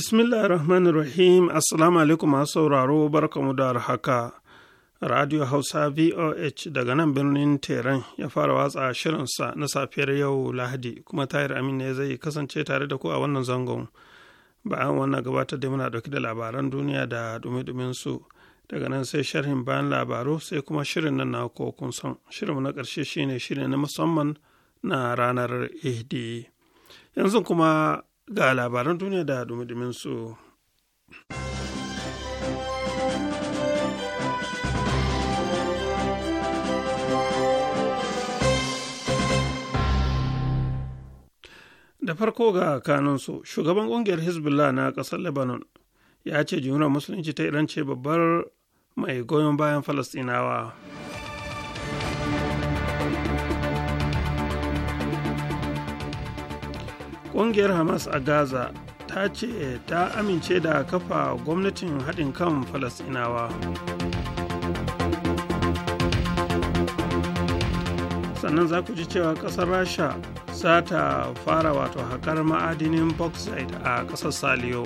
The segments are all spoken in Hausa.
Bismillah rahman rahim Assalamu alaikum masu sauraro barkamu da haka. Radio Hausa VOH daga nan birnin Teran ya fara watsa shirinsa na safiyar yau Lahadi kuma Tahir Amin ne zai kasance tare da ku a wannan zangon. Bayan wannan gabatar da muna ɗauki da labaran duniya da dumi su daga nan sai sharhin bayan labaru sai kuma shirin nan na kun san shirin na ƙarshe shine shirin na musamman na ranar Ihdi. Yanzu kuma ga labaran duniya da dumudumin su da farko ga kanunsu shugaban kungiyar hezbollah na kasar lebanon ya ce jumhuriyar musulunci ta iran babbar mai goyon bayan falastinawa ƙungiyar hamas a gaza ta ce eh, ta amince da kafa gwamnatin haɗin kan falasinawa sannan za ku ji cewa ƙasar rasha za ta fara wato haƙar ma'adinin bauxite a ƙasar saliyo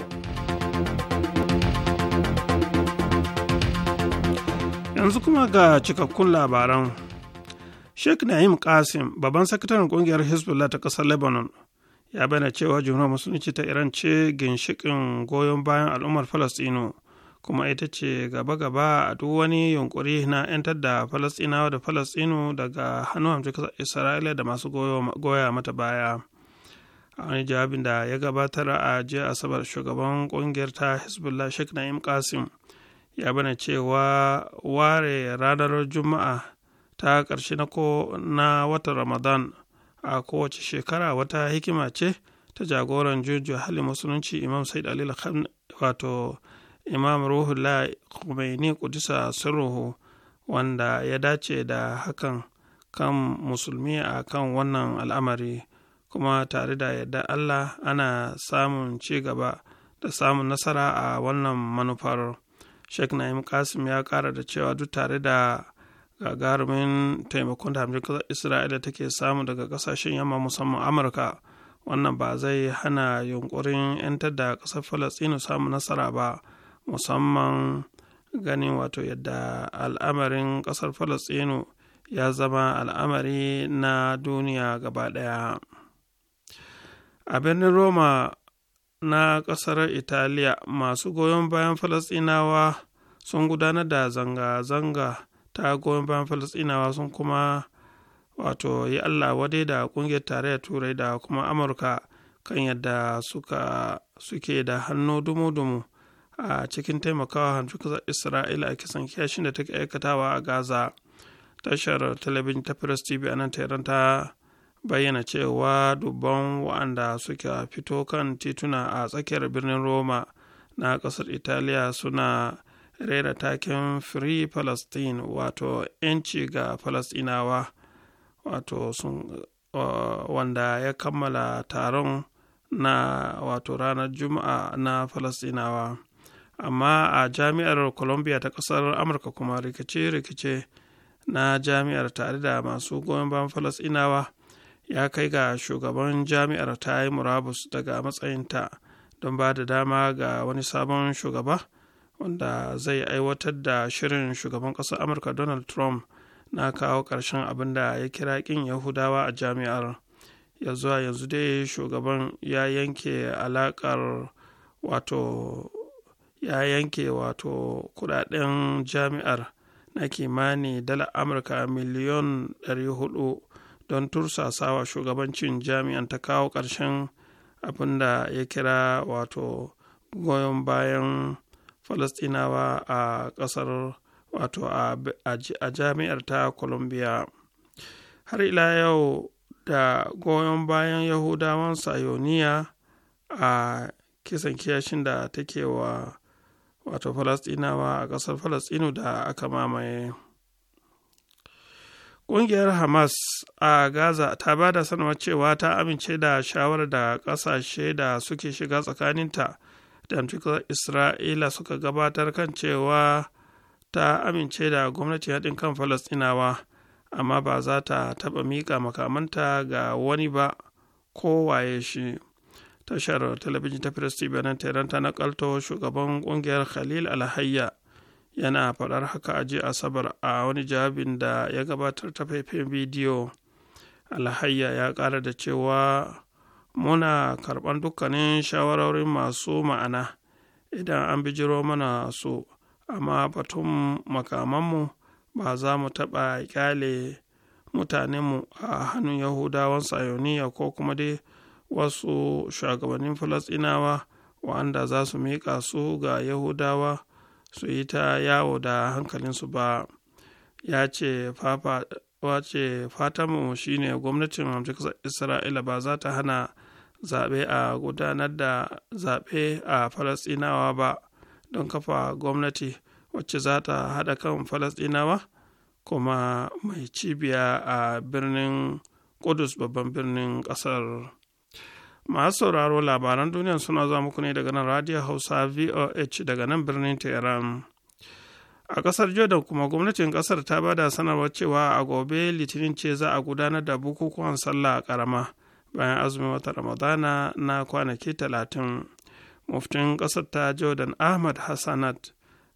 yanzu kuma ga cikakkun labaran sheikh na'im qasim babban sakataren ƙungiyar hezbollah ta ƙasar lebanon ya bayyana cewa jumhuriyar musulunci ta iran ce ginshikin goyon bayan al'ummar falastinu kuma ita ce gaba-gaba a duk wani yunkuri na 'yantar da falastinawa da falastinu daga hannun hamsin isra'ila da masu goya mata baya a wani jawabin da ya gabatar a jiya asabar shugaban kungiyar ta hezbollah sheikh na'im qasim ya bana cewa ware ranar juma'a ta karshe na watan ramadan a kowace shekara wata hikima ce ta jagoran juju hali musulunci imam said Ali wato imam ruhullah khomeini kudisa sirruhu wanda ya dace da hakan kan musulmi a kan wannan al'amari kuma tare da yadda allah ana samun ci gaba da samun nasara a wannan manufar sheikh na'im kasim ya kara da cewa duk tare da gagarumin taimakon da hamjin isra'ila take samu daga kasashen yamma musamman amurka wannan ba zai hana yunkurin 'yantar da ƙasar falastinu samu nasara ba musamman ganin wato yadda al'amarin ƙasar falastinu ya zama al'amari na duniya gaba daya. a birnin roma na ƙasar italiya masu goyon bayan falastinawa sun gudanar da zanga-zanga ta goyon bayan falasɗinawa sun kuma wato yi allah wadai da ƙungiyar tarayyar turai da kuma amurka kan yadda suka suke da hannu dumu-dumu a cikin taimakawa kasar isra'ila a kisan kiyashin da take aikatawa a gaza tashar talabijin ta press tv a nan tehran ta bayyana cewa dubban wa'anda suka fito kan tituna a tsakiyar birnin roma na kasar italiya suna rera taken free palestine wato 'yanci ga palestinawa wato sun uh, wanda ya kammala taron na wato ranar juma'a na palestinawa amma a jami'ar columbia ta kasar amurka kuma rikice-rikice na jami'ar tare da masu goyon bayan falasinawa ya kai ga shugaban jami'ar ta yi murabus daga matsayinta don ba da dama ga wani sabon shugaba wanda zai aiwatar da shirin shugaban ƙasar amurka donald trump na kawo ƙarshen abin da ya kira ƙin yahudawa a jami'ar ya zuwa yanzu dai shugaban ya yanke alaƙar wato ya yanke wato kudaden jami'ar na kimani dala amurka miliyon 400 don tursasawa shugabancin jami'an ta kawo ƙarshen abin da ya kira wato goyon bayan falastinawa a ƙasar wato a jami'ar ta columbia har ila yau da goyon bayan yahudawan sayoniya a kisan kiyashin da take wa wato falastinawa a ƙasar falastinu da aka mamaye ƙungiyar hamas a gaza ta ba da sanarwar cewa ta amince da shawarar da ƙasashe da suke shiga tsakaninta da isra'ila suka gabatar kan cewa ta amince da gwamnati haɗin kan falastinawa amma ba za ta taɓa miƙa makamanta ga wani ba kowaye shi tashar talabijin ta press benin teranta na ta nakalto shugaban ƙungiyar khalil alhayya yana faɗar haka a jiya asabar a wani jawabin da ya gabatar ta faifin bidiyo alhayya ya ƙara da cewa muna karɓar dukkanin shawarorin masu ma'ana idan an bijiro mana su amma batun makamanmu ba za mu taɓa ƙyale mutanenmu a hannun yahudawan sayoniya ko kuma dai wasu shugabannin falasinawa wa'anda za su miƙa su ga yahudawa su yi ta yawo da hankalinsu ba ya ce mu shine gwamnatin hamshin isra'ila ba za ta hana zaɓe a gudanar da zaɓe a falasɗinawa ba don kafa gwamnati wacce za ta haɗa kan falasɗinawa kuma mai cibiya a birnin kudus babban birnin ƙasar masu sauraro labaran duniya suna zuwa muku ne daga nan radio hausa voh daga nan birnin tehran a kasar jordan kuma gwamnatin kasar ta bada sanarwar cewa a gobe litinin ce za a gudanar da bukukuwan sallah karama bayan azumin wata ramadana na kwanaki talatin muftin ƙasar ta jordan ahmad hassanat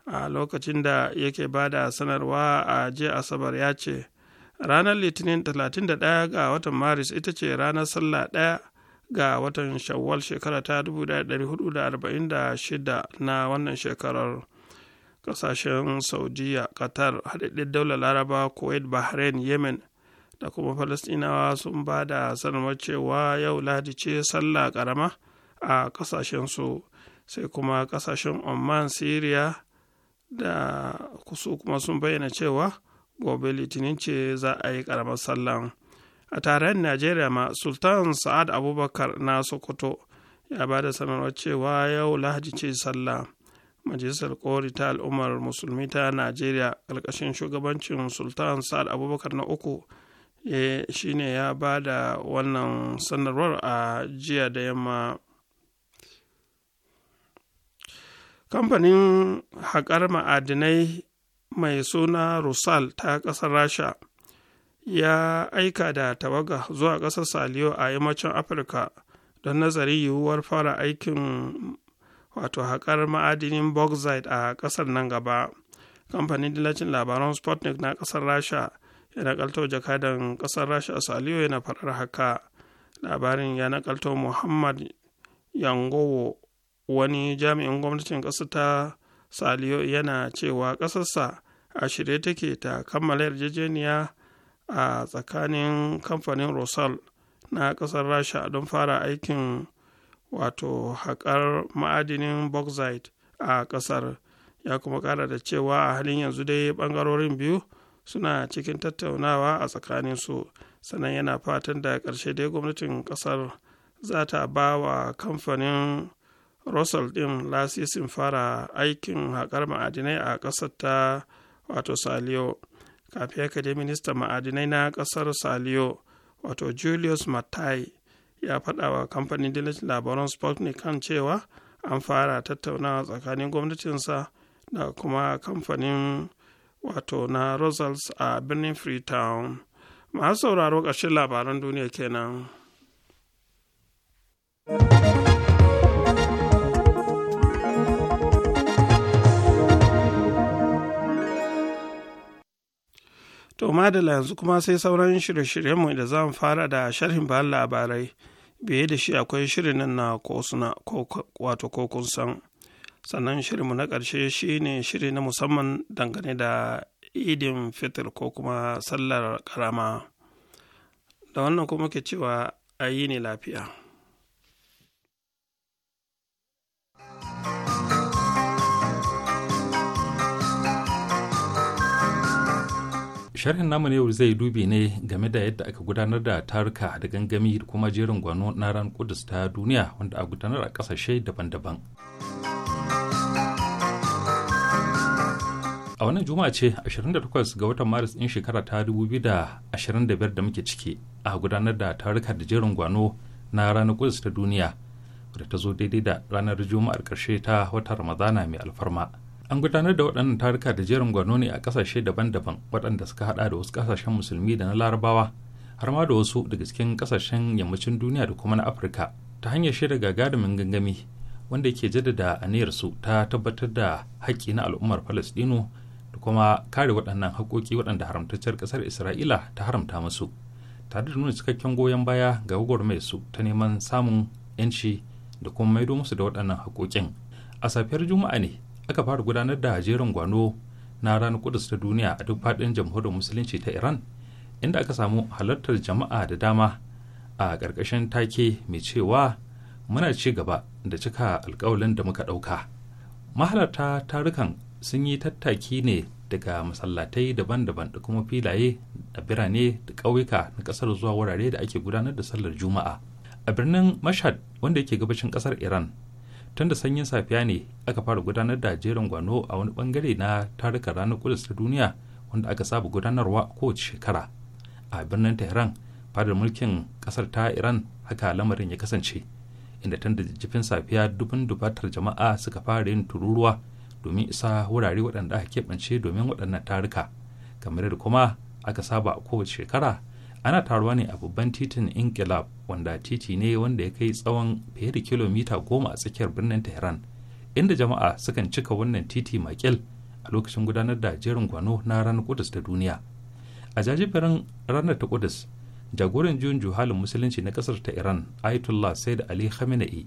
a lokacin da yake ba da sanarwa a jiya asabar ya ce ranar litinin 31 ga watan maris ita ce ranar sallah ɗaya ga watan shawwal shekara ta 1446 na wannan shekarar kasashen saudiya qatar haɗaɗɗen daular laraba kuwait bahrain yemen da kuma falastinawa sun ba da sanarwar cewa yau ladi ce sallah karama a kasashensu sai kuma kasashen oman syria da kusu kuma sun bayyana cewa gobe litinin ce za a yi karamar sallan a tarayyar najeriya ma sultan sa'ad abubakar na sokoto ya ba da sanarwar cewa yau lahadi ce sallah majalisar kori ta al'ummar musulmi ta najeriya ƙarƙashin shugabancin sultan sa'ad abubakar na uku Eh, shi ne ya ba da wannan sanarwar a jiya da yamma kamfanin haƙar ma'adinai mai suna rusal ta ƙasar rasha ya aika da tawaga zuwa ƙasar saliyo a yammacin afirka don nazari yiwuwar fara aikin wato haƙar ma'adinin bauxite a ƙasar nan gaba kamfanin dillacin labaran sputnik na ƙasar rasha ya nakalto jakadan kasar rasha a saliyo yana faɗar haka labarin ya nakalto muhammad yangowo wani jami'in gwamnatin ƙasa ta saliyo yana cewa ƙasarsa a shirye take ta kammala yarjejeniya a tsakanin kamfanin rosal na ƙasar rasha don fara aikin wato haƙar ma'adinin bauxite a ƙasar ya kuma ƙara da cewa a halin yanzu dai ɓangarorin biyu suna cikin tattaunawa a tsakaninsu sannan yana fatan da ƙarshe dai gwamnatin ƙasar za ta ba wa kamfanin russell din lasisin fara aikin haƙar ma'adinai a ƙasar ta wato saliyo kafin yaka dai ministan ma'adinai na ƙasar salio wato julius matai ya faɗa wa kamfanin dillacin labaran sputnik kan cewa an fara tattaunawa tsakanin gwamnatinsa da kuma kamfanin wato na Rosals a birnin Freetown. Masu sauraro ƙarshen labaran duniya kenan. To madala yanzu kuma sai sauran shirye-shiryenmu da mu fara da sharhin ba labarai, biye da shi akwai shirin nan na wato kokun san. sannan shirinmu na ƙarshe shine shiri na musamman dangane da idin fitir ko kuma sallar ƙarama da wannan kuma ke cewa a yi ne lafiya sharhin namu yau zai dubi ne game da yadda aka gudanar da taruka da gangami da kuma jerin gwano na ran kudus ta duniya wanda a gudanar a ƙasashe daban-daban. a wannan juma'a ce 28 ga watan maris in shekara ta 2025 da muke ciki a gudanar da taruka da jerin gwano na ranar kudus ta duniya da ta zo daidai da ranar juma'ar karshe ta wata ramadana mai alfarma an gudanar da waɗannan taruka da jerin gwano ne a ƙasashe daban-daban waɗanda suka hada da wasu ƙasashen musulmi da na larabawa har ma da wasu daga cikin ƙasashen yammacin duniya da kuma na afirka ta hanyar shirya gagarumin gangami wanda yake jaddada aniyarsu ta tabbatar da haƙƙi na al'ummar falastino kuma kare waɗannan haƙoƙi waɗanda haramtacciyar ƙasar isra'ila ta haramta musu tare da nuna cikakken goyon baya ga gwagwarmayar su ta neman samun 'yanci da kuma maido musu da waɗannan haƙoƙin a safiyar juma'a ne aka fara gudanar da jerin gwano na ranar kudus ta duniya a duk faɗin jamhuriyar musulunci ta iran inda aka samu halartar jama'a da dama a ƙarƙashin take mai cewa muna ci gaba da cika alƙawalin da muka ɗauka mahalarta tarukan sun yi tattaki ne daga masallatai daban-daban da kuma filaye a birane da ƙauyuka na ƙasar zuwa wurare da ake gudanar da sallar juma'a a birnin mashad wanda yake gabashin ƙasar iran tun sanyin safiya ne aka fara gudanar da jerin gwano a wani bangare na tarukan ranar kudus ta duniya wanda aka saba gudanarwa kowace shekara a birnin tehran fadar mulkin ƙasar ta iran haka lamarin ya kasance inda tun da jifin safiya dubin dubatar jama'a suka fara yin tururuwa domin isa wurare waɗanda aka keɓance domin waɗannan taruka kamar yadda kuma aka saba a kowace shekara ana taruwa ne a babban titin inkilab wanda titi ne wanda ya kai tsawon fiye da kilomita goma a tsakiyar birnin tehran inda jama'a sukan cika wannan titi makil a lokacin gudanar da jerin gwano na ranar kudus ta duniya a jajiberin ranar ta kudus jagoran juyin juhalin musulunci na kasar ta iran ayatollah said ali khamenei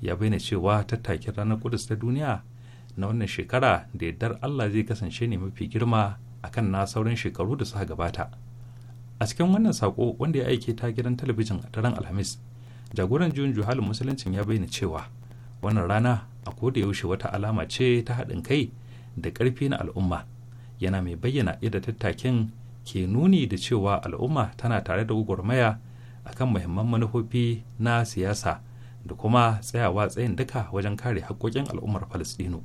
ya bayyana cewa tattakin ranar kudus ta duniya na wannan shekara da yardar Allah zai kasance ne mafi girma kan na sauran shekaru da suka gabata. A cikin wannan sako wanda ya aike ta gidan talabijin a daren Alhamis, jagoran juyin juhalin musuluncin ya bayyana cewa wannan rana a koda yaushe wata alama ce ta haɗin kai da ƙarfi na al'umma. Yana mai bayyana yadda tattakin ke nuni da cewa al'umma tana tare da gwagwarmaya akan muhimman manufofi na siyasa da kuma tsayawa tsayin duka wajen kare haƙƙoƙin al'ummar Falasɗinu.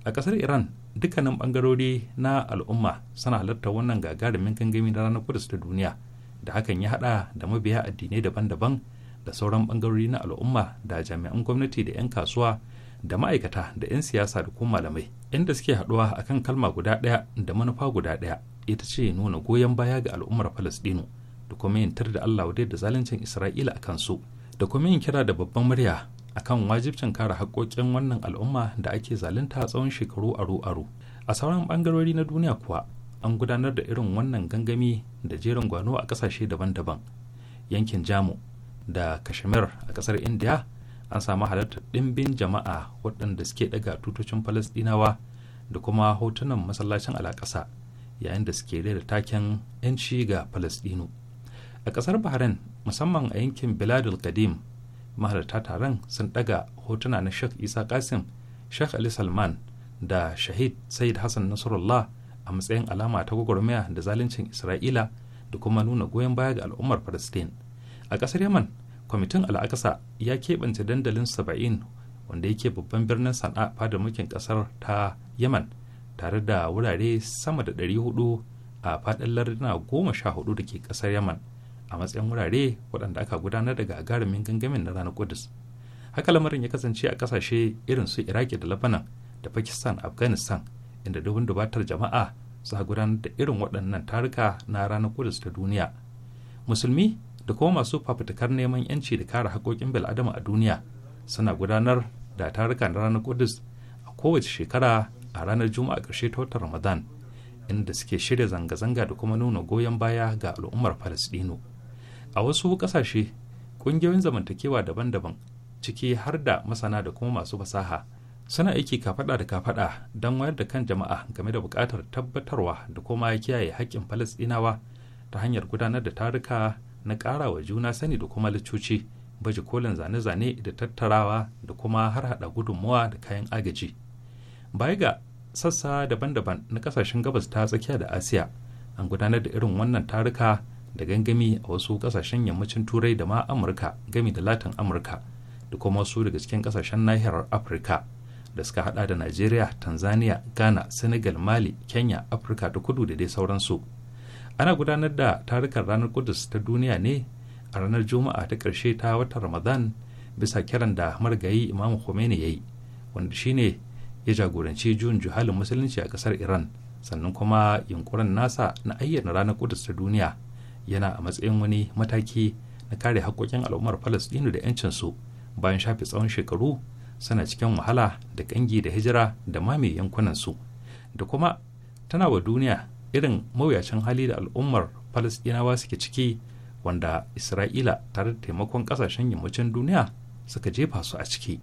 a kasar iran dukkanin bangarori na al'umma suna halartar wannan gagarumin gangami na ranar kudus ta duniya da hakan ya hada da mabiya addinai daban-daban da sauran bangarori na al'umma da jami'an gwamnati da 'yan kasuwa da ma'aikata da 'yan siyasa da kuma malamai inda suke haɗuwa akan kalma guda ɗaya da manufa guda ɗaya ita ce nuna goyon baya ga al'ummar falastinu da kuma yin tar da allah wadai da zaluncin isra'ila a kansu da kuma yin kira da babban murya akan wajibcin kare haƙoƙin wannan al'umma da ake zalunta tsawon shekaru aro-aro a sauran ɓangarori na duniya kuwa an gudanar da irin wannan gangami da jerin gwano a ƙasashe daban-daban yankin jamu da kashmir a ƙasar indiya an samu halartar ɗimbin jama'a waɗanda suke ɗaga tutocin falasɗinawa da kuma hotunan masallacin alaƙasa yayin da suke da taken 'yanci ga falasɗinu a ƙasar bahrain musamman a yankin biladul kadim mahalarta taron sun daga hotuna na sheikh isa kasim sheikh ali salman da shahid said hassan nasrullah a matsayin alama ta gwagwarmaya da zaluncin isra'ila da kuma nuna goyon baya ga al'ummar palestine a ƙasar yaman kwamitin al'akasa ya keɓance dandalin saba'in wanda yake babban birnin sana'a fada mulkin kasar ta yaman tare da wurare sama da 400 a faɗin larduna goma sha hudu da ke kasar yaman a matsayin wurare waɗanda aka gudanar da gagarumin gangamin na ranar kudus haka lamarin ya kasance a ƙasashe irin su iraki da labanan da pakistan afghanistan inda dubin dubatar jama'a za gudanar da irin waɗannan taruka na ranar kudus ta duniya musulmi da kuma masu fafutukar neman yanci da kare haƙoƙin bil'adama a duniya suna gudanar da taruka na ranar kudus a kowace shekara a ranar juma'a ƙarshe ta watan ramadan inda suke shirya zanga-zanga da kuma nuna goyon baya ga al'ummar falastinu a wasu kasashe ƙungiyoyin zamantakewa daban-daban ciki har da masana da kuma masu fasaha suna aiki kafaɗa da kafaɗa don wayar da kan jama'a game da bukatar tabbatarwa da kuma kiyaye haƙƙin falasɗinawa ta hanyar gudanar da taruka na ƙara wa juna sani da kuma licoci baje kolin zane-zane da tattarawa da kuma har hada gudunmuwa da kayan agaji baya ga sassa daban-daban na ƙasashen gabas ta tsakiya da asiya an gudanar da irin wannan taruka da gangami a wasu kasashen yammacin turai da ma amurka gami da latin amurka da kuma wasu daga cikin kasashen nahiyar afirka da suka hada da najeriya tanzania ghana senegal mali kenya afirka da kudu da dai sauransu ana gudanar da tarukan ranar kudus ta duniya ne a ranar juma'a ta ƙarshe ta watan ramadan bisa kiran da margayi imamu khomeini ya yi wanda shine ya jagoranci juyin juhalin musulunci a kasar iran sannan kuma yunkurin nasa na ayyana ranar kudus ta duniya yana a matsayin wani mataki na kare haƙƙoƙin al'ummar falastinu da 'yancinsu bayan shafe tsawon shekaru suna cikin wahala da ƙangi da hijira da mame yankunansu da kuma tana wa duniya irin mawuyacin hali da al'ummar falastinawa suke ciki wanda isra'ila tare da taimakon ƙasashen yammacin duniya suka jefa su a ciki.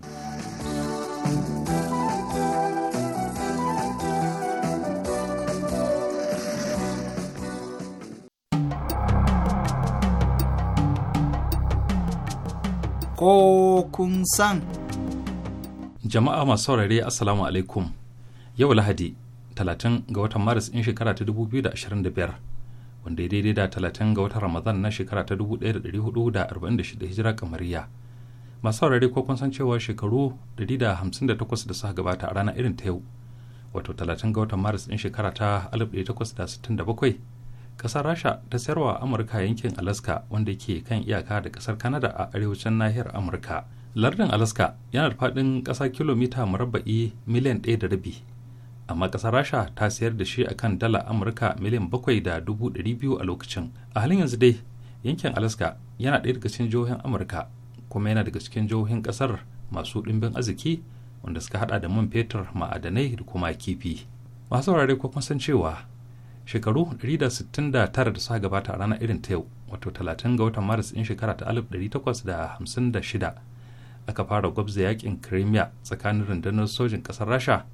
ko kun san. Jama'a masu saurare Assalamu alaikum. Yau Lahadi, 30 ga watan Maris in shekara ta 2025, wanda ya daidai da 30 ga watan Ramadan na shekara ta 1446 hijira kamariya. Masu saurare ko kun san cewa shekaru 158 da suka gabata a ranar irin ta yau, wato 30 ga watan Maris in shekara ta 1867 kasar rasha ta sayarwa amurka yankin alaska wanda ke kan iyaka da kasar kanada a arewacin nahiyar amurka lardin alaska yana da faɗin ƙasa kilomita murabba'i miliyan ɗaya da rabi amma ƙasar rasha ta sayar da shi akan dala amurka miliyan bakwai da dubu ɗari biyu a lokacin a halin yanzu dai yankin alaska yana ɗaya daga cikin jihohin amurka kuma yana daga cikin jihohin ƙasar masu ɗimbin arziki wanda suka haɗa da man fetur ma'adanai da kuma kifi masu saurare ko kun san cewa shekaru 169 da suka gabata a ranar irin ta yau wato 30 ga watan maris in shekara ta 1856 aka fara gwabza yakin crimea tsakanin rundunar sojin kasar rasha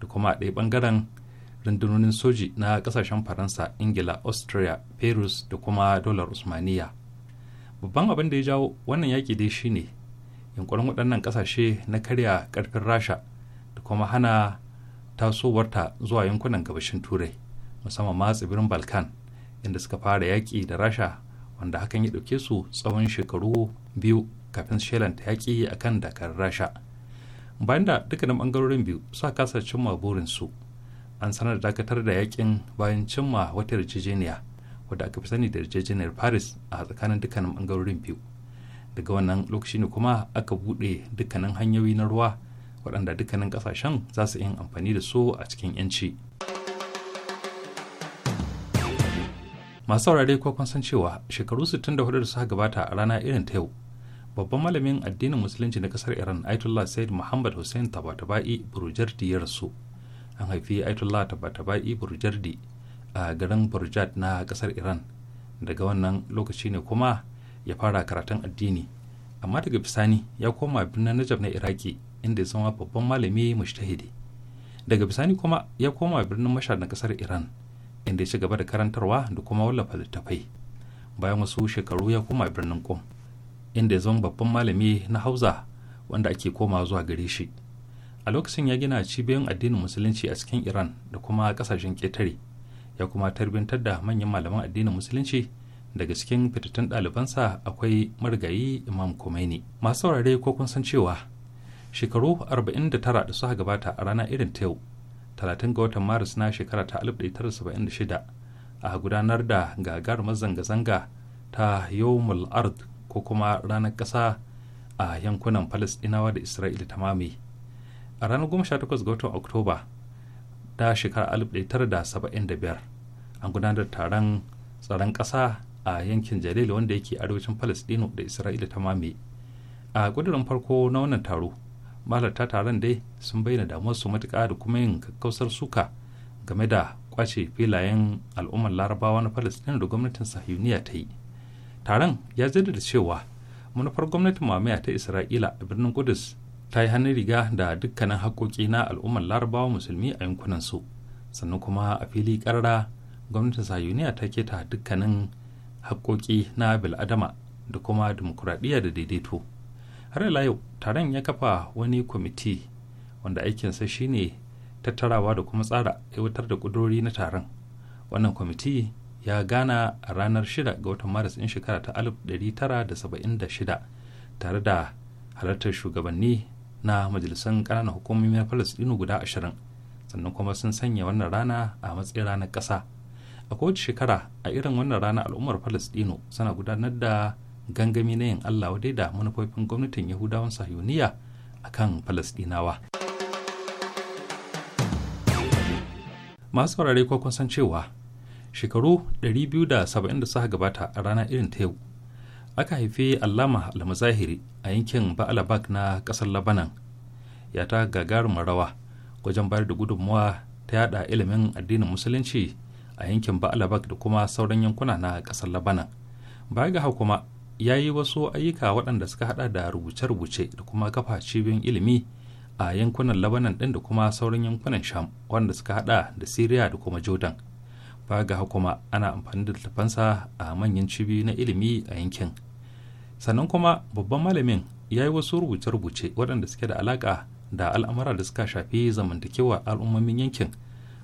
da kuma a ɗaya bangaren rundunonin soji na ƙasashen faransa ingila austria perus da kuma dolar usmaniya babban abin da ya jawo wannan yaƙi dai shine yunkurin waɗannan ƙasashe na karya ƙarfin rasha da kuma hana tasowarta zuwa yankunan gabashin turai musamman ma tsibirin balkan inda suka fara yaƙi da rasha wanda hakan ya ɗauke su tsawon shekaru biyu kafin shelanta yaƙi a kan dakar rasha bayan da dukkanin ɓangarorin biyu suka kasa cimma burinsu an sanar da dakatar da yaƙin bayan cimma wata yarjejeniya wadda aka fi sani da yarjejeniyar paris a tsakanin dukkanin ɓangarorin biyu daga wannan lokaci ne kuma aka buɗe dukkanin hanyoyi na ruwa waɗanda dukkanin ƙasashen za su yi amfani da su a cikin 'yanci. masu saurare ko kun san cewa shekaru 64 da suka gabata a rana irin ta yau babban malamin addinin musulunci na kasar iran aitullah said muhammad hussein tabatabai burujardi ya rasu an haifi aitullah tabatabai burjardi a garin burjad na kasar iran daga wannan lokaci ne kuma ya fara karatun addini amma daga bisani ya koma birnin najab na iraki inda ya zama babban malami mushtahidi daga bisani kuma ya koma birnin mashar na kasar iran inda ya ci gaba da karantarwa da kuma wallafa littattafai. bayan wasu shekaru ya koma birnin kom inda ya zama babban malami na hausa wanda ake koma zuwa gare shi a lokacin ya gina cibiyoyin addinin musulunci a cikin iran da kuma kasashen ƙetare ya kuma tarbintar da manyan malaman addinin musulunci daga cikin fitattun ɗalibansa akwai marigayi imam Khomeini. masu saurare ko kun san cewa shekaru 49 da suka gabata a rana irin ta yau 30 ga watan maris na shekara ta 1976 a gudanar da gagar zanga-zanga ta yomul ard ko kuma ranar ƙasa a yankunan palestinawa da isra'ila ta mame a ranar 18 ga watan oktoba ta shekarar 1975 an gudanar da taron tsaron ƙasa a yankin jalil wanda yake arewacin palestino da isra'ila ta mame a ƙudurin farko na wannan taro mahalarta taron dai sun bayyana damuwar su matuƙa da kuma yin kakkausar suka game da kwace filayen al'ummar larabawa na palestina da gwamnatin sahiyuniya ta yi taron ya da cewa manufar gwamnatin mamaya ta isra'ila a birnin kudus ta yi hannun riga da dukkanin haƙoƙi na al'ummar larabawa musulmi a yankunan su sannan kuma a fili ƙarara gwamnatin sahiyuniya ta keta dukkanin haƙoƙi na bil'adama da kuma dimokuraɗiyya da daidaito har ila yau taron ya kafa wani kwamiti wanda aikinsa shine tattarawa da kuma tsara aiwatar da kudurori na taron wannan kwamiti ya gana a ranar 6 ga watan maris in shekara ta 1976 tare da halartar shugabanni na majalisan ƙananan hukumomi na palestino guda 20 sannan kuma sun sanya wannan rana a matsayin ranar ƙasa a kowace shekara a irin wannan rana al'ummar palestino suna gudanar da gangami na yin allah wadai da manufofin gwamnatin yahudawan sahiyoniya a kan Falasɗinawa. masu saurare ko kun san cewa shekaru 270 da suka gabata a ranar irin ta yau aka haifi allama almuzahiri a yankin ba'alabak na ƙasar labanan ya ta gagarumin rawa wajen bayar da gudunmawa ta yada ilimin addinin musulunci a yankin ba'alabak da kuma sauran yankuna na ƙasar labanan baya ga hau kuma ya yi wasu ayyuka waɗanda suka hada da rubuce-rubuce da kuma kafa cibiyoyin ilimi a yankunan labanan ɗin da kuma sauran yankunan sham wanda suka hada da syria da kuma jordan ba ga kuma ana amfani da littafansa a manyan cibiyoyi na ilimi a yankin sannan kuma babban malamin ya yi wasu rubuce-rubuce waɗanda suke da alaƙa da al'amura da suka shafi zamantakewa al'ummomin yankin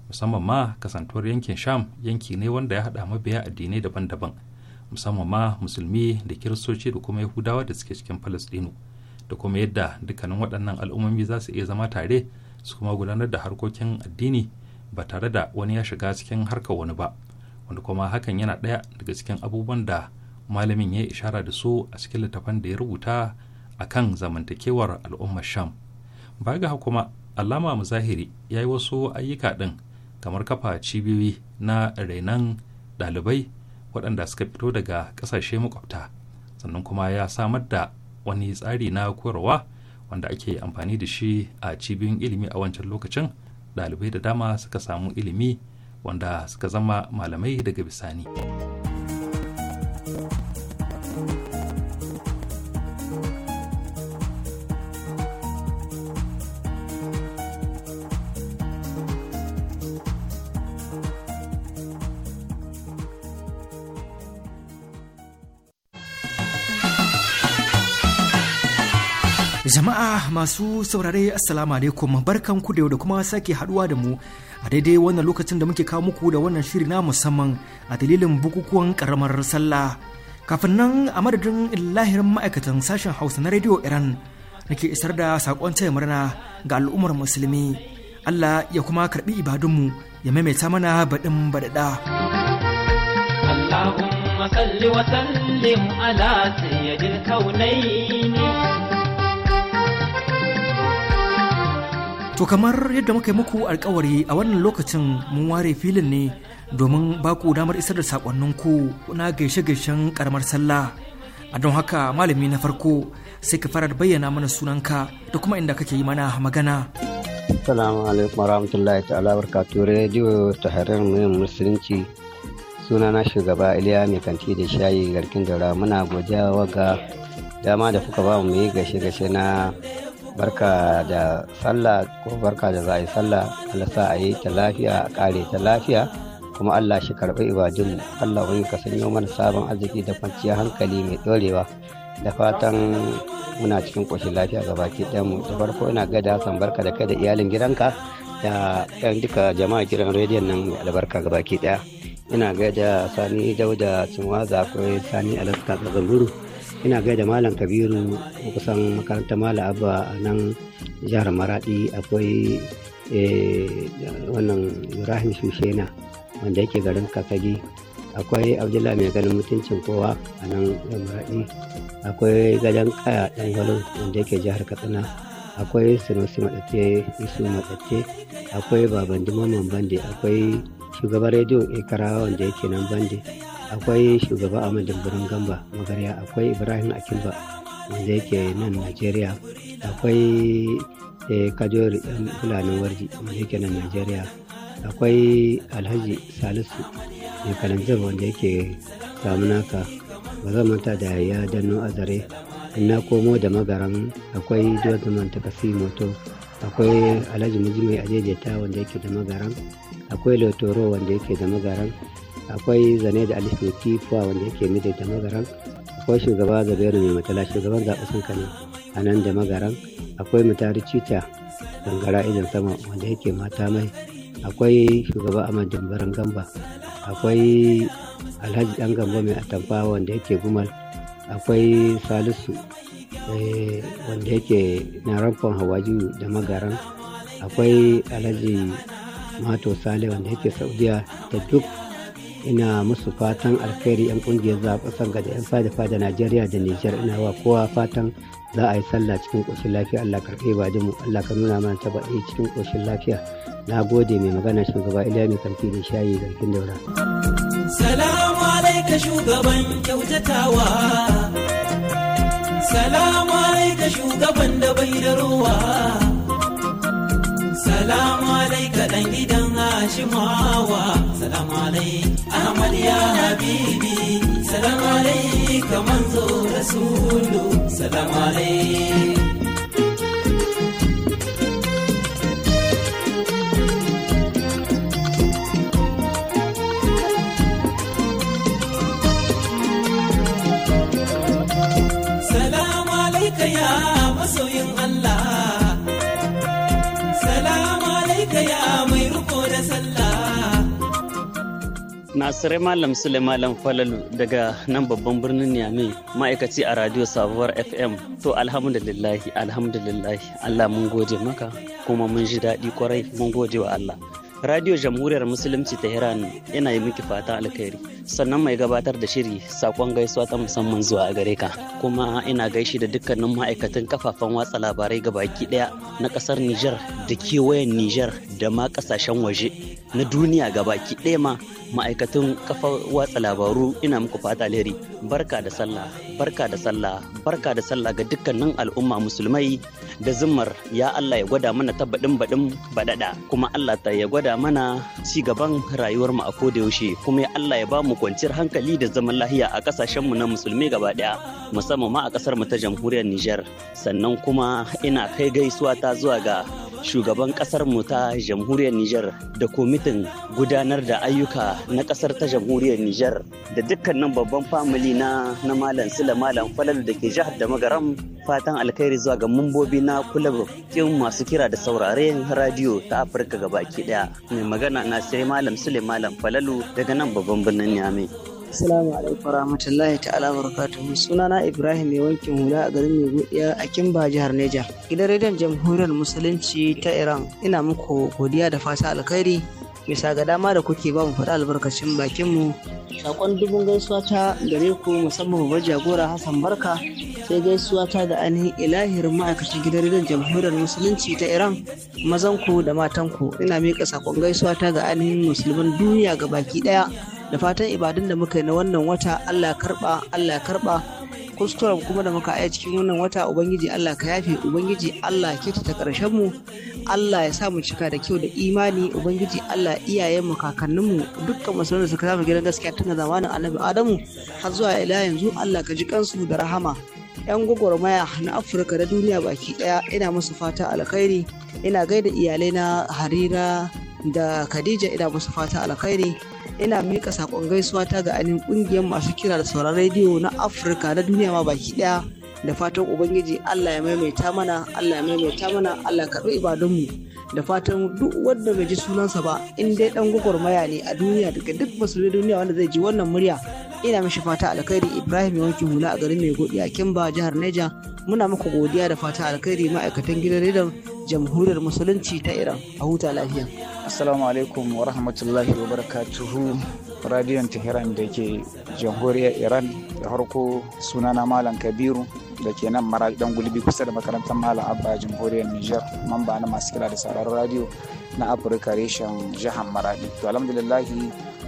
musamman ma kasantuwar yankin sham yanki ne wanda ya haɗa mabiya addinai daban-daban musamman ma musulmi da kiristoci da kuma yahudawa da suke cikin falastinu da kuma yadda dukkanin waɗannan al'ummomi za su iya zama tare su kuma gudanar da harkokin addini ba tare da wani ya shiga cikin harkar wani ba wanda kuma hakan yana ɗaya daga cikin abubuwan da malamin ya ishara da su a cikin littafan da ya rubuta a kan zamantakewar al'ummar sham ba ga kuma alama mu zahiri ya yi wasu ayyuka ɗin kamar kafa cibiyoyi na renon ɗalibai waɗanda suka fito daga ƙasashe makwabta sannan kuma ya samar da wani tsari na koyarwa wanda ake amfani da shi a cibiyoyin ilimi a wancan lokacin ɗalibai da dama suka samu ilimi wanda suka zama malamai daga bisani. Jama'a masu saurare Assalamu alaikum barkan ku da yau da kuma sake haduwa da mu a daidai wannan lokacin da muke kawo muku da wannan shiri na musamman a dalilin bukukuwan karamar sallah. Kafin nan a madadin lahirin ma'aikatan sashen Hausa na Rediyo Iran nake isar da saƙon taya murna ga al'ummar musulmi. Allah ya kuma karbi ibadunmu ya maimaita mana baɗin baɗaɗa. Allahumma salli wa sallim ala sayyidil kaunaini To kamar yadda muka yi muku alkawari a wannan lokacin mun ware filin ne domin baku damar isar da sakonninku na gaishe-gaishen karamar sallah. A don haka malami na farko sai ka fara bayyana mana sunanka da kuma inda kake yi mana magana. Salamu alaikum warahmatullahi ta'ala barkatu rediyo ta harin muhimmin musulunci sunana shugaba Iliya mai kanti da shayi garkin da ramuna gojawa ga dama da kuka ba mu yi gashe-gashe na barka da sallah ko barka da za yi sallah Allah sa a yi ta lafiya a kare ta lafiya kuma Allah shi karɓi ibadun Allah wani ka sanyo mana sabon arziki da kwanciyar hankali mai ɗorewa da fatan muna cikin ƙoshin lafiya ga baki mu da farko ina gada san barka da kai da iyalin gidanka da yan duka jama'a gidan rediyon nan mai albarka ga baki ɗaya ina gaida sani dauda cinwaza akwai sani alaska zamburu ina gaida malam kabiru kusan makarantar malam abba a nan jihar maradi akwai eh, wannan ibrahim shushena wanda yake garin kakagi akwai abdullah mai ganin mutuncin kowa a nan maradi akwai gadon kaya dan yalon wanda yake jihar katsina akwai sinusi maɗatte isu maɗatte akwai baban mamman bande akwai shugaban rediyon ikara wanda yake nan bande akwai shugaba ahmad jamburin gamba magarya akwai ibrahim akimba wanda yake nan najeriya akwai eh, kajor yan eh, fulanin warji wanda yake nan najeriya akwai alhaji salisu mai kalanzar wanda yake samunaka ba zan manta da ya danno zare na komo da magaran akwai dozman takasi moto akwai alhaji miji mai ajejeta wanda yake da magaran akwai lotoro wanda yake da magaran akwai zane da alif mai tifuwa wanda yake mida da magaran akwai shugaba da zabairu mai matala shugaban zaɓe sanka a nan da magaran akwai mutari cita gangara idan sama wanda yake mata mai akwai shugaba ahmad dambaran gamba akwai alhaji dan gamba mai atamfa wanda yake gumal akwai salisu eh, wanda yake na rampon hawajiyu da magaran akwai alhaji mato sale wanda yake saudiya da duk ina musu fatan alkhairi 'yan kungiyar za a ga da 'yan fada fada najeriya da nijar ina wa kowa fatan za a yi sallah cikin koshin lafiya allah karɓe ba mu allah ka nuna mana ta baɗi cikin koshin lafiya na gode mai magana shugaba iliya mai karfi da shayi garkin daura. salamu alaika shugaban kyautatawa salamu alaika shugaban da bai da ruwa salamu alaika dan gidan hashimawa salamu alaika ahmad ya habibi salamu alaika manzo rasulu salamu alaika Nasirai Malam Sule Malam Falalu daga nan babban birnin Niamey ma'aikaci a Radio Sabuwar FM. To alhamdulillahi alhamdulillahi Allah mun gode maka kuma mun ji daɗi kwarai mun gode wa Allah. Radio Jamhuriyar Musulunci ta Iran yana yi miki fata alkhairi. Sannan mai gabatar da shiri sakon gaisuwa ta musamman zuwa a gare ka. Kuma ina gaishe da dukkanin ma'aikatan kafafen watsa labarai gabaki ɗaya na ƙasar Nijar da kewayen Nijar da ma ƙasashen waje. na duniya baki ɗaya ma ma'aikatan kafa watsa labaru ina muku fata alheri barka da sallah barka da sallah barka da sallah ga dukkanin al'umma musulmai da zimmar ya Allah ya gwada mana tabbadin baɗin badada kuma Allah ta ya gwada mana ci gaban rayuwar mu a koda yaushe kuma ya Allah ya ba mu kwanciyar hankali da zaman lahiya a kasashen mu na musulmai gaba ɗaya musamman ma a kasar mu ta jamhuriyar Niger sannan kuma ina kai gaisuwa ta zuwa ga shugaban kasar mu ta jamhuriyar Nijar da komitin gudanar da ayyuka na kasar ta jamhuriyar Nijar da dukkanin babban famili na na Malam Sula Malam Falalu da ke jihar da Magaram fatan alkhairi zuwa ga mambobi na kulab kin masu kira da sauraren radio ta Afirka gabaki daya mai magana na sai Malam Sule Malam Falalu daga nan babban birnin Niamey. Assalamu alaikum warahmatullahi ta'ala barakatuhu. Sunana Ibrahim mai wankin hula a garin mai a Kimba jihar Neja. Gidan rediyon Jamhuriyar Musulunci ta Iran ina muku godiya da fata alkhairi bisa ga dama da kuke ba mu faɗa albarkacin bakin mu sakon dubun gaisuwa ta gare ku musamman babbar jagora Hassan Barka sai gaisuwa ta da ainihin ilahir ma'aikacin gidan rediyon Jamhuriyar Musulunci ta Iran mazanku da matanku ina miƙa sakon gaisuwa ta ga ainihin musulman duniya ga baki ɗaya da fatan ibadun da muka yi na wannan wata Allah karba Allah karba kuskuren kuma da muka aya cikin wannan wata ubangiji Allah ka yafe ubangiji Allah ke ta karshen mu Allah ya sa mu cika da kyau da imani ubangiji Allah iyayen mu kakannin mu dukkan masarar da suka zama gidan gaskiya tun da zamanin Annabi Adamu har zuwa ila yanzu Allah ka ji kansu da rahama yan gwagwarmaya na Afirka da duniya baki daya ina musu fata alkhairi ina gaida iyalai na Harira da Khadija ina musu fata alkhairi ina mika sakon gaisuwa ta ga anin kungiyar masu kira da sauran rediyo na Afirka na duniya ma baki daya da fatan ubangiji Allah ya maimaita mana Allah ya maimaita mana Allah ya karbi ibadunmu da fatan duk wanda bai ji sunansa ba in dai dan maya ne a duniya daga duk musulmi duniya wanda zai ji wannan murya ina mishi fata alkhairi Ibrahim yawanki hula a garin mai godiya Kimba jihar Neja muna muku godiya da fata alkhairi ma'aikatan gidan rediyon jamhuriyar musulunci ta iran a huta lafiya assalamu alaikum wa rahmatullahi wa barakatuhu radiyon tehran da ke jamhuriyar iran da harko sunana malam kabiru da ke nan mara dan gulbi kusa da makarantar malam abba jamhuriyar niger mamba na masu kira da sauraron radio na afirka reshen jihar maradi to alhamdulillahi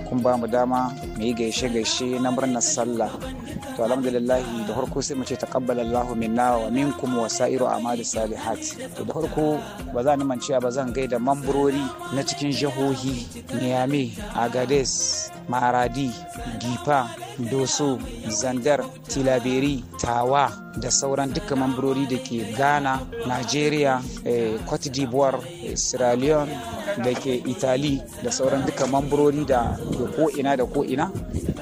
kun ba mu dama mu yi gaishe-gaishe na murnar sallah to alhamdulillahi da farko sai mu ce taqabbal Allahu minna wa minkum wa sa'iru amali salihat to da farko ba za ni manciya ba zan gaida mamburori na cikin jihohi Niamey gades. maradi gifa doso zandar tilaberi tawa da sauran duka mambarori da ke ghana nigeria eh, cote d'ivoire eh, sierra leone da ke italy da sauran duka mambarori da ko'ina da ko'ina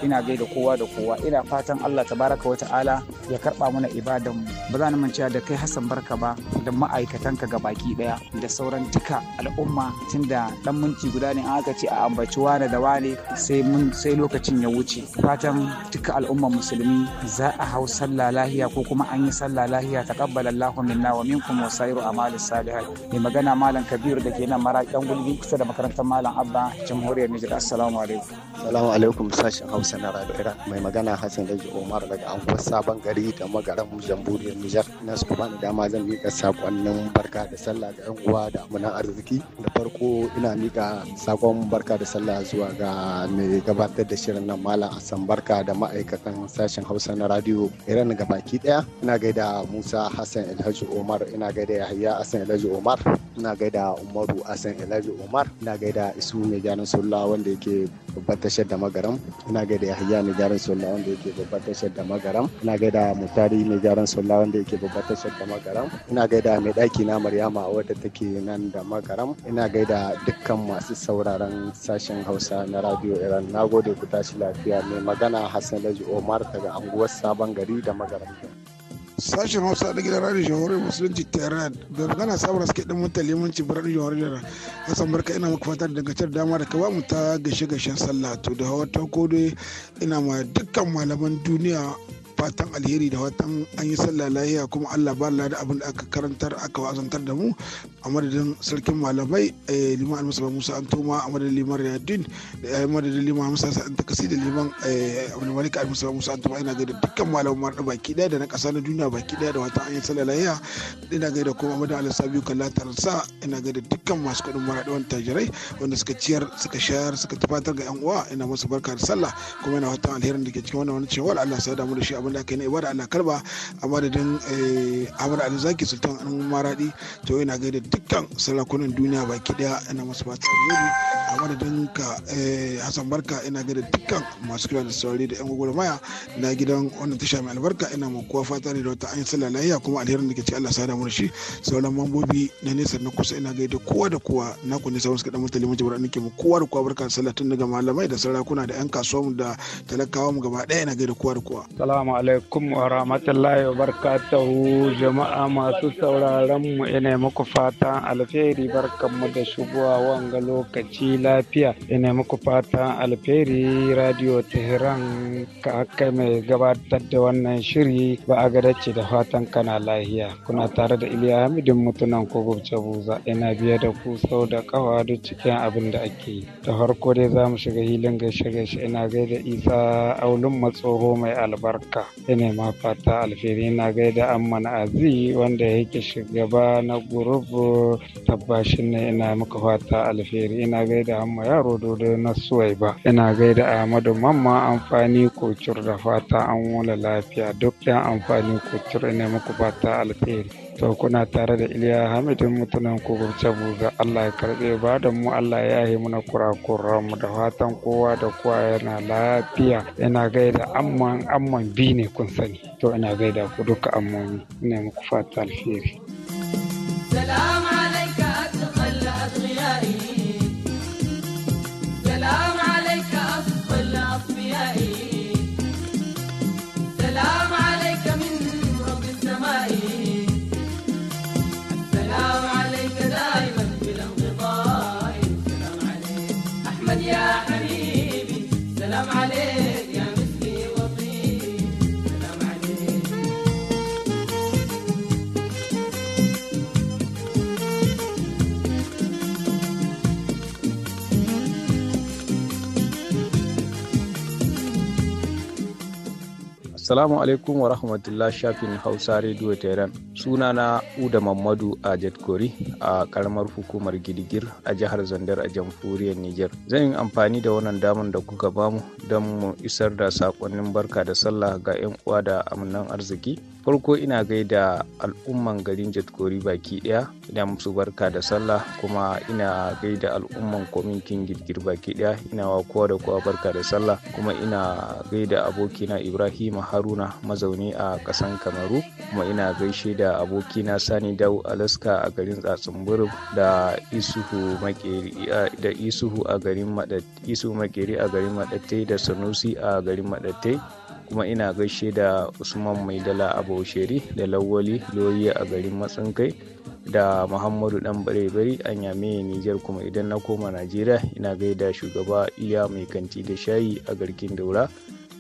ina gai da kowa da kowa ina fatan allah Ta baraka wa ta'ala ya karba mana ibadan ba za na manciya da kai hassan barka ba da ma'aikatanka ga baki daya da sauran duka al'umma tun da dan minti guda ne an aka ce a ambaci wane da wane sai mun mun sai lokacin ya wuce fatan duka al'ummar musulmi za a hau sallah lahiya ko kuma an yi sallah lahiya taqabbal Allahu minna wa minkum wa sairu amalis salihat mai magana malam Kabiru da ke nan maraƙin gulbi kusa da makarantar malam Abba jamhuriyar Nijar assalamu alaikum assalamu alaikum sashen Hausa na Radio Iraq mai magana Hassan Daji Omar daga anguwar Sabon Gari da magaran jamhuriyar Nijar na su ba da dama zan miƙa saƙonnin barka da sallah ga yan uwa da amana arziki da farko ina miƙa sakon barka da sallah zuwa ga mai gabatar da shirin nan Malam Hassan Barka da ma'aikatan sashen Hausa na radio irin gabaki daya. Ina gaida Musa Hassan Elhaji Omar, ina gaida Yahaya Hassan Elhaji Omar, ina gaida umaru asan elabi umar ina gaida isu mai gyaran sulla wanda yake babbar tashar da magaram ina gaida yahaya mai gyaran sulla wanda yake babbar tashar da magaram ina gaida mutari mai gyaran sulla wanda yake babbar tashar da magaram ina gaida mai daki na maryama wadda take nan da magaram ina gaida dukkan masu sauraron sashen hausa na radio iran na gode ku tashi lafiya mai magana hassan laji omar daga anguwar sabon gari da magaram sashen hausa da gidan radio jamhuriyar musulunci tehran da magana samun suke dan mutan limanci birnin jamhuriyar hassan barka ina maka fatar da cikin dama da ka ba mu ta gashe gashen sallah to da hawa ta kodai ina ma dukkan malaman duniya fatan alheri da watan an yi sallah lahiya kuma Allah ba da abin da aka karantar aka wazantar da mu a madadin sarkin malamai eh, liman almasa musa antoma a madadin liman riyadin da eh, a madadin liman musa sa'an kasi da liman eh, abdulmalik almasa musa antoma ina gaida dukkan mara marɗa baki ɗaya da na ƙasa na duniya baki ɗaya da watan an yi sallah lahiya ina gaida kuma madadin alisa biyu kalla sa ina gaida dukkan masu kuɗin maraɗi wani tajirai wanda suka ciyar suka shayar suka tafatar ga 'yan uwa ina musu barka da sallah kuma ina watan alherin da ke cikin wannan wani cewa Allah sai da mu da shi a abin da aka yi na ibada Allah karba a madadin eh, amur Ali Zaki Sultan an Maradi to yana gaida dukkan sarakunan duniya baki daya ina masu fata alheri a madadin ka eh, hasan Barka ina gaida dukkan masu kula da saurari da yan maya na gidan wannan tasha mai albarka ina mu kuwa fata ne da wata an sallah lafiya kuma alherin da ke ci Allah sada mu shi sauran mambobi na nesa na kusa ina gaida kowa da kowa na ku ne sauran suka dan mutane mun an nake mu kowa da kowa barka sallah tun daga malamai da sarakuna da yan kasuwa mu da talakawa mu gaba daya ina gaida kowa da kowa alaikum wa rahmatullahi wa barakatuhu jama'a masu sauraron mu ina muku fatan alheri barkanmu da shigowa wanga lokaci lafiya ina muku fatan alfairi radio Tehran ka aka mai gabatar da wannan shiri ba a gadace da fatan kana lahiya kuna tare da Iliya Hamidin mutunan ko buza ina biye da ku sau da kawa duk cikin abin da ake yi da farko dai za mu shiga hilin gaishe gaishe ina gaida Isa aulun matsoho mai albarka ina ma fata alfiri na gaida amman azi wanda yake shugaba na gurubu tabbashin ne ina muka fata alfiri ina gaida amma yaro dodo na suwai ba ina gaida ahmadu mamma amfani kucur da fata an wula lafiya duk yan amfani kucur ina muku fata alfiri to kuna tare da iliya hamidin mutunan kogobce ga allah ya karbe ba da mu allah ya yi muna kurakuranmu mu da fatan kowa da kowa yana lafiya yana gaida amman amman bi ne kun sani to ina gaida ku duka amman ne muku fata alheri salama Salamu alaikum wa rahmatullah shafin Hausa Radio Tehran. Suna na Uda Mamadu a Jetkori a karamar hukumar Gidigir a jihar Zandar a jamhuriyar niger Zan yi amfani da wannan damar da kuka bamu don mu isar da sakonnin barka da sallah ga 'yan uwa da amnan arziki farko ina gaida al'umman garin jatkori baki daya ina musu barka da sallah kuma ina gaida al'umman kwaminkin girgir baki daya ina wa kowa da kowa barka da sallah kuma ina gaida abokina ibrahim haruna mazauni a kasan kamaru kuma ina gaishe da abokina sani dau alaska a garin tsatsunburu da isuhu makeri da isuhu a garin makeri a garin madatte da sanusi a garin madatte kuma ina gaishe da usman mai dala a bausheri da lawali loyi a garin matsinkai da muhammadu dan bare-bare an yame nijar kuma idan na koma najeriya ina gaida shugaba iya mai kanti da shayi a garkin daura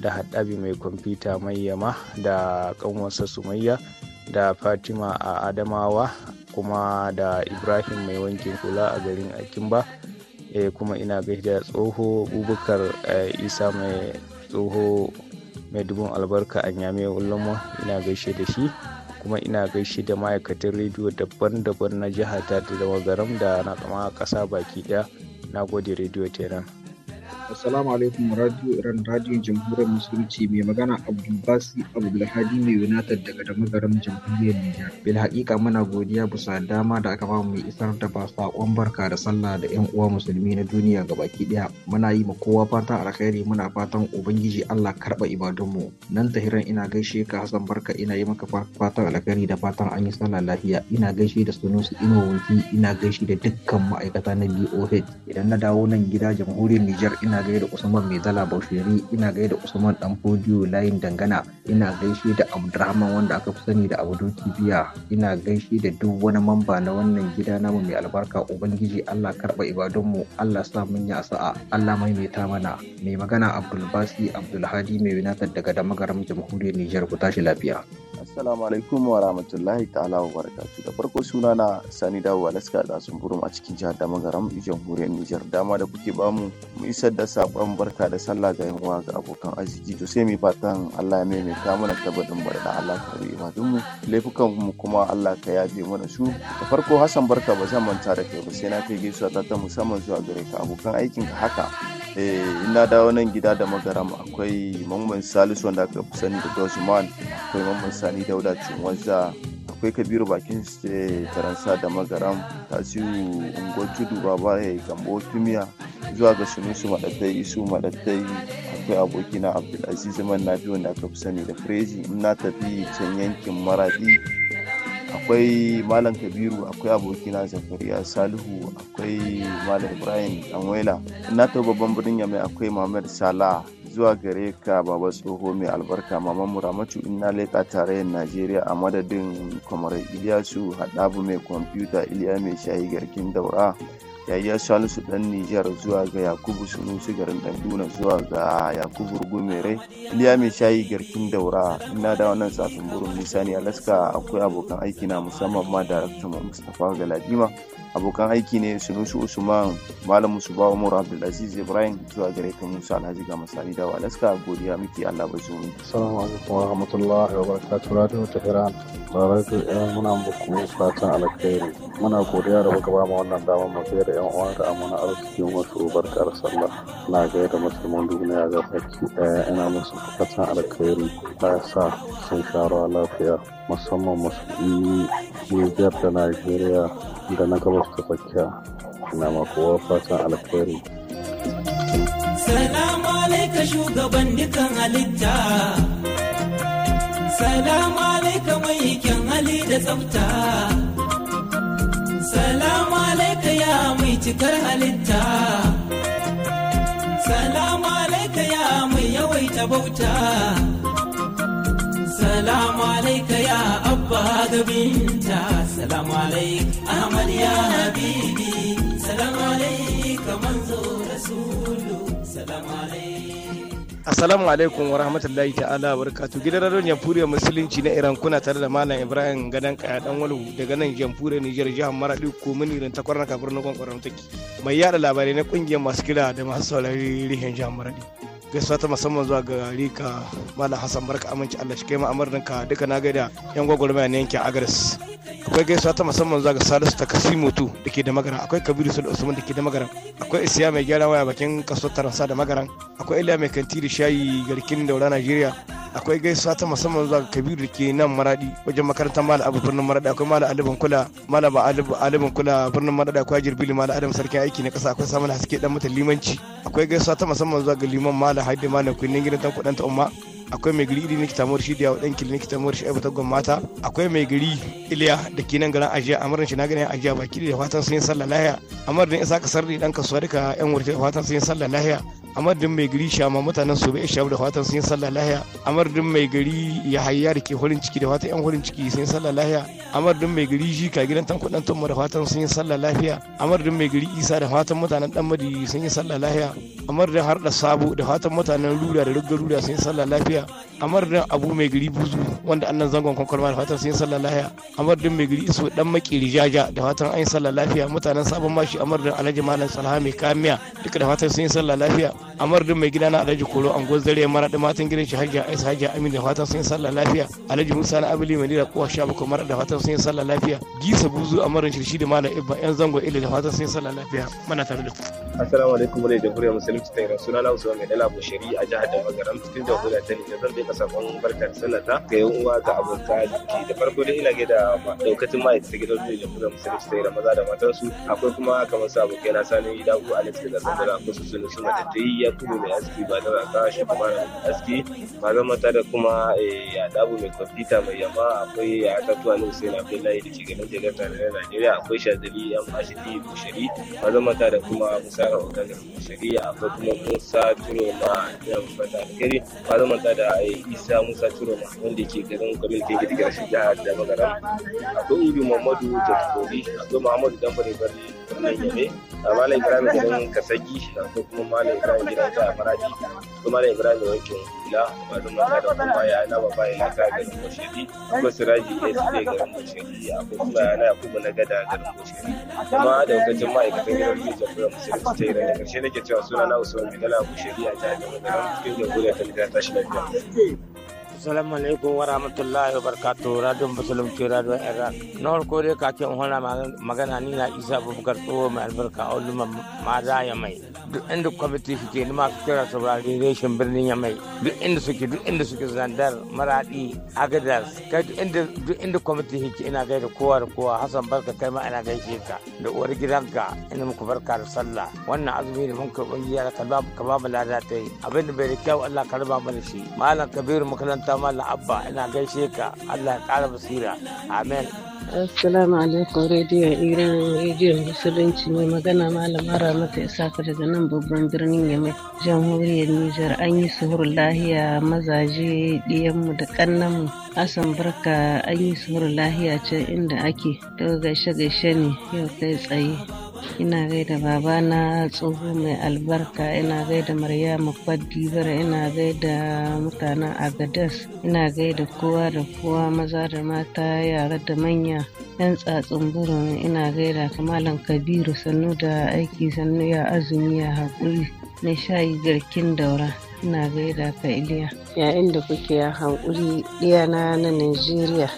da haɗabi mai kwamfuta mai yama da kanwarsa sumayya da fatima a adamawa kuma da ibrahim mai wankin kula a garin akimba eh, kuma ina gaida tsoho bubukar eh, isa mai tsoho mai dubin albarka a nyame ulama ina gaishe da shi kuma ina gaishe da ma'aikatan rediyo daban-daban na jihata da garam da na kama ƙasa baki ɗaya na gode rediyo tenan. Assalamu alaikum radio Iran radio jamhuriyar musulunci mai magana Abdulbasi Abdulhadi mai United daga da magarin jamhuriyar Nijar. Bil haƙiƙa muna godiya bisa dama da aka ba mu isar da ba saƙon barka da sallah da 'yan uwa musulmi na duniya ga baki ɗaya. Muna yi ma kowa fatan alkhairi muna fatan ubangiji Allah karɓa ibadunmu. Nan tahiran ina gaishe ka Hassan Barka ina yi maka fatan alkhairi da fatan an yi sallah lafiya. Ina gaishe da sunusu ina wanki ina gaishe da dukkan ma'aikata na BOH. Idan na dawo nan gida jamhuriyar Nijar ina ina gaida Usman Mai zala bausheri ina gaida Usman Dan Fodiyo Layin Dangana, ina gaishe da Abdurrahman wanda aka fi sani da abudu tibiya ina gaishe da duk wani mamba na wannan gida namu mai albarka Ubangiji Allah karba ibadunmu, Allah sa mun ya sa'a, Allah maimaita mana. Mai magana Abdulbasi Abdulhadi Mai winatar daga damagaram jamhuriyar Nijar ku tashi lafiya. Assalamu alaikum wa rahmatullahi ta'ala wa barakatu da farko suna na sani dawo laska da sun burum a cikin jihar da magaram jamhuriyar Nijar dama da kuke bamu mu isar da sabon barka da sallah ga yan uwa ga abokan arziki to sai mu fatan Allah ya maimaita mana tabbatin bar da Allah ka rabi ibadun mu laifukan mu kuma Allah ka yafe mana su da farko Hassan barka ba zan manta da kai ba sai na kai gaisuwa ta ta musamman zuwa gare ka abokan aikin ka haka eh ina dawo nan gida da magaram akwai mamman Salisu wanda aka fi sani da Dosman akwai mamman sani dauda wanzu akwai kabiru bakin faransa da magaram tasiru unguwar tudu baba ya eh, gambo tumiya zuwa ga su madatai isu madatai akwai abokina abdulaziz man na biyu da aka fi sani da crazy in na tafi can yankin maradi akwai malam kabiru akwai abokina zakariya salihu akwai malam ibrahim danwela in na tafi babban birnin yamai akwai muhammad salah zuwa gare ka baba tsoho mai albarka mama muramatu ina leƙa tarayyar najeriya a madadin kwamarar iliyasu haɗabu mai kwamfuta iliya mai shayi garkin daura yayya salisu dan nijar zuwa ga yakubu sigarin garin danduna zuwa ga yakubu gumere iliya mai shayi garkin daura ina da wannan safin burin ne alaska akwai abokan aiki na musamman ma darakta mustapha galadima abokan aiki ne sunusu usman malam musuba umar abdulaziz ibrahim zuwa gare ka musa alhaji ga masani da a godiya miki allah ba zuwa assalamu alaikum wa rahmatullahi wa barakatuh radio tehran tare da yan muna muku fatan alkhairi muna godiya da baka ba wannan damar mu da yan uwa da amana arzikin wasu barkar sallah na ga da musulman duniya ga baki daya ina musu fatan alkhairi ta sa sun sharo lafiya musamman musulmi Nijar da Najeriya da na gabas ta tsakiya na makowa fatan alkhairi. Salamu alaika shugaban dukan halitta. Salamu alaika mai kyan hali da tsafta. Salamu alaika ya mai cikar halitta. Salamu alaika ya mai yawaita bauta. salamu alaika ya abba da salamu alaik ahmad ya habibi salamu alaika manzo rasulu salamu alaik Assalamu alaikum wa rahmatullahi ta'ala wa barakatuh. Gidan radon Jamhuriyar Musulunci na Iran kuna tare da Malam Ibrahim Gadan Kaya Dan Walu daga nan Jamhuriyar Nijar jihar Maradi ko Iran ta kwarna kafin na kwankwaron take. Mai yada labarai na kungiyar masu kira da masu saurari rihin jihar Maradi. gaisuwa ta musamman zuwa ga rika malam hassan barka aminci allah shi kai ma ka duka na gaida yan gwagwarmaya na yankin agaris akwai gaisuwa ta musamman zuwa ga salisu ta kasimotu da ke da magaran akwai kabiru sul usman da ke da magaran akwai isiya mai gyara waya bakin kaso taransa da magaran akwai iliya mai kanti da shayi garkin daura najeriya akwai gaisuwa ta musamman zuwa ga kabiru da ke nan maradi wajen makarantar malam abu birnin maradi akwai malam alibin kula malam alibin kula birnin maradi akwai jirbili malam adam sarkin aiki na kasa akwai samun haske dan mutan limanci akwai gaisuwa ta musamman zuwa ga liman malam haddi ma na kunnin gidan ta kuɗanta umma akwai mai gari iri likita mawar da yawon ɗanki likita mawar shi'abu ta mata akwai mai gari iliya da ke nan garin ajiya amarin shi na a ajiya baki da fatan sun yi sallah lahiya amarin isa ka sarri dan kasuwa duka yan wurce da fatan sun yi sallah lahiya din mai gari shama mutanen su bai shabu da fatan sun yi sallah lahiya din mai gari ya hayya da ke horin ciki da fatan yan horin ciki sun yi sallah lahiya din mai gari shi ka gidan tanko dan tumma da fatan sun yi sallah lafiya din mai gari isa da fatan mutanen dan madi sun yi sallah lahiya din har da sabo da fatan mutanen rura da rugga rura sun yi sallah lafiya lahiya amar da abu mai gari buzu wanda annan zangon kwankwalma da fatan sun yi sallah lahiya amar da mai gari iso dan makeri jaja da fatan an yi sallah lafiya mutanen sabon mashi amar da alhaji malam salha mai kamiya duk da fatan sun yi sallah lafiya amar da mai gida na alhaji koro angon zare mara da matan gidan shi hajja aisa hajja amin da fatan sun yi sallah lafiya alhaji musa na abili mai da kowa sha bakwai mara da fatan sun yi sallah lafiya gisa buzu amarin shirshi da malam ibba yan zango ile da fatan sun yi sallah lafiya mana tare da ku assalamu alaikum wa rahmatullahi wa barakatuh sunana usman mai dala bushiri a jihar da magaram cikin jihar da ta da zan daika sakon barka da sallah ta ga yan uwa ga abota arziki da farko dai ina gaida daukacin ma'aikata gidan da kuma musulunci ta da maza da matan su, akwai kuma kamar sa abokai na sani da ku alex daga sandara akwai su sunu suna da ta yi ya tudu mai aski ba da ka, shi kuma aski ba zama ta da kuma eh, ya dabu mai kwamfuta mai yamma akwai ya tatuwa na hussein abdullahi da ke da jelar tarayyar najeriya akwai shazali yan ashidi bushari ba zama ta da kuma musara ogan bushari akwai kuma musa turo ma yan fata alkari ba zama ta da isa musa turoma wanda ke garin kwamitin gidigar shi jihar da magana akwai ibi muhammadu tattakoli akwai muhammadu dambare birni gebe a malam ibrahim gidan kasagi ko kuma malam ibrahim gidan ta maradi ko malam ibrahim kula ba da kuma ya ana ba bayan na garin goshiri ko siraji su ne garin goshiri a ko kuma ya na kuma na gada garin goshiri da lokacin ma'aikatan gidan rediyo jamhuriyar musulunci ta iran da karshe nake cewa suna na usman bidala goshiri a jami'ar garin cikin jamhuriyar ta ta shi lafiya. assalamu alaikum wa rahmatullahi wa barakatu radio musulun ke radio iraq na farko dai kakin magana ni na isa abubakar tsoho mai albarka a ma za mai duk inda kwamiti suke ni ma kira saurari reshen birnin yamai duk inda suke duk inda suke zandar maradi agadas kai duk inda duk inda kwamiti suke ina gaida kowa da kowa hasan barka kai ma ina gaishe ka da uwar gidanka ina muku barka da sallah wannan azumi da mun karɓi jiya ka ba ka ba mu lada ta yi abin da bai da kyau Allah ka raba mana shi malam kabiru makaranta malam abba ina gaishe ka Allah ya ƙara basira amen Assalamu alaikum Radio Iran Radio Musulunci mai magana malama Ramata saka daga nan babban birnin Yamai jamhuriyar Nijar an yi suhur lahiya mazaje diyanmu da ƙannanmu Asan barka an yi suhur lahiya can inda ake daga gaishe gaishe ne yau kai tsaye ina gaida babana tsoho mai albarka ina gaida marya kwadibar ina gaida mutanen agadas ina gaida kowa da kowa maza da mata yara da manya yan tsatsin burin ina gaida kamalan kabiru sannu da aiki sannu ya azumi ya haƙuri na shayi garkin daura ina gaida ka iliya yayin da kuke hankuri ɗiyana na najeriya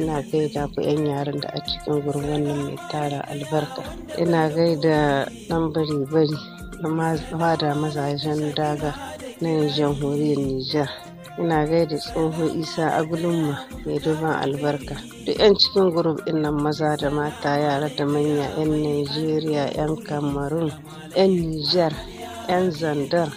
ina gaida ku 'yan yaran da a cikin gurin wannan mai tara albarka ina gaida dan bari bari na da mazajen daga na jamhuriyar nijar ina gaida tsoho isa agulumma mai duban albarka duk 'yan cikin gurub din nan maza da mata yara da manya 'yan nigeria 'yan Kamarun, 'yan nijar 'yan zandar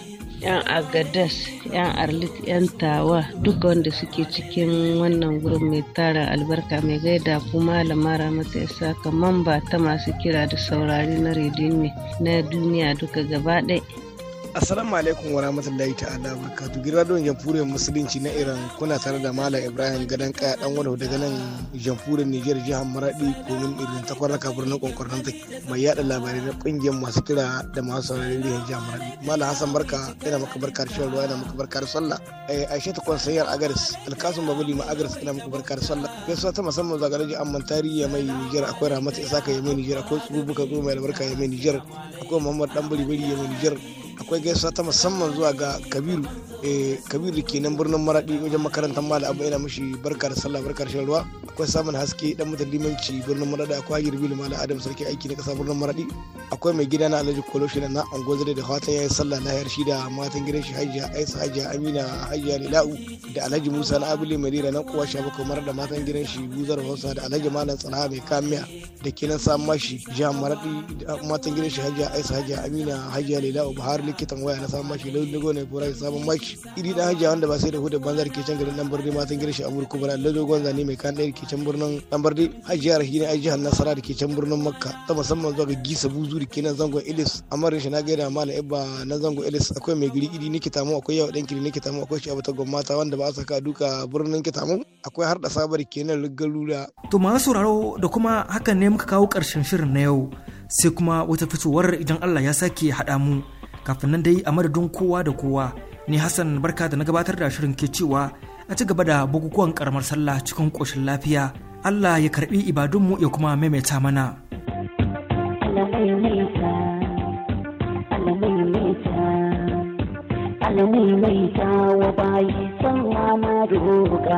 'yan agadas 'yan arlit 'yan tawa duka wanda suke cikin wannan gurin mai tara albarka mai gaida kuma lamara mata ya saka mamba ta masu kira da saurari na rediyo na duniya duka gaba ɗaya Assalamu alaikum wa rahmatullahi ta'ala barkatu. Girma don jamhuriyar musulunci na Iran kuna tare da Malam Ibrahim Gadan Kaya dan wani daga nan jamhuriyar Niger jihar Maradi komin Irin ta kwarraka na konkwarnan ta mai yada labarai na kungiyar masu kira da masu sauraron jihar Maradi. Malam Hassan Barka ina maka barka da shan ruwa ina maka barka da sallah. Eh, Aisha ta kwansayar Agaris Alkasum Babuli ma Agaris ina maka barka da sallah. Gaisuwa ta musamman ji Amman tarihi mai Niger akwai rahmatu Isaka ya mai Niger akwai Tsubuka Goma da Barka ya mai akwai Muhammad Dan Buri Buri ya mai akwai gaisuwa ta musamman zuwa ga kabiru eh, kabiru kenan birnin maraɗi wajen makarantar mala abu yana mishi barkar sallah barkar da ruwa akwai samun haske dan mutan limanci birnin maraɗi akwai hagir bilu mala adam sarki aiki na ƙasa birnin maraɗi akwai mai gida na alhaji shi na angozare da fatan ya yi sallah lahiyar shi da matan gidan shi hajiya aisa hajiya amina hajiya lila'u da alhaji musa na abu abule marira na kuwa sha bakwai mara da matan gidan shi buzar hausa da alhaji malam tsana mai kamiya da kenan samun mashi jihar maraɗi da matan gidan shi hajiya aisa hajiya amina hajiya lila'u buhari likitan waya na samun maki lodi dogo ne fura samun maki iri da hajiya wanda ba sai da hudu banzar ke can garin nan birni matan girshi a burku bana lodi dogo zane mai kan ɗaya ke can birnin dan birni hajiya ne a jihar nasara da ke can birnin makka ta musamman zuwa ga gisa buzu da ke nan zangon ilis amma rashin na gaida mala ibba na zangon ilis akwai mai giri iri ni kitamu akwai yawa ɗan kiri ni kitamu akwai shi abata gwamnata wanda ba a saka duka birnin kitamu akwai har da sabar ke nan lugalula. to masu sauraro da kuma hakan ne muka kawo ƙarshen shirin na yau sai kuma wata fitowar idan Allah ya sake haɗa mu kafin nan dai a madadin kowa da kowa ni hassan barka da na gabatar da shirin ke cewa a ci gaba da bukukuwan karamar sallah cikin ƙoshin lafiya allah ya karbi ibadunmu ya kuma maimaita mana Allah bayi roƙa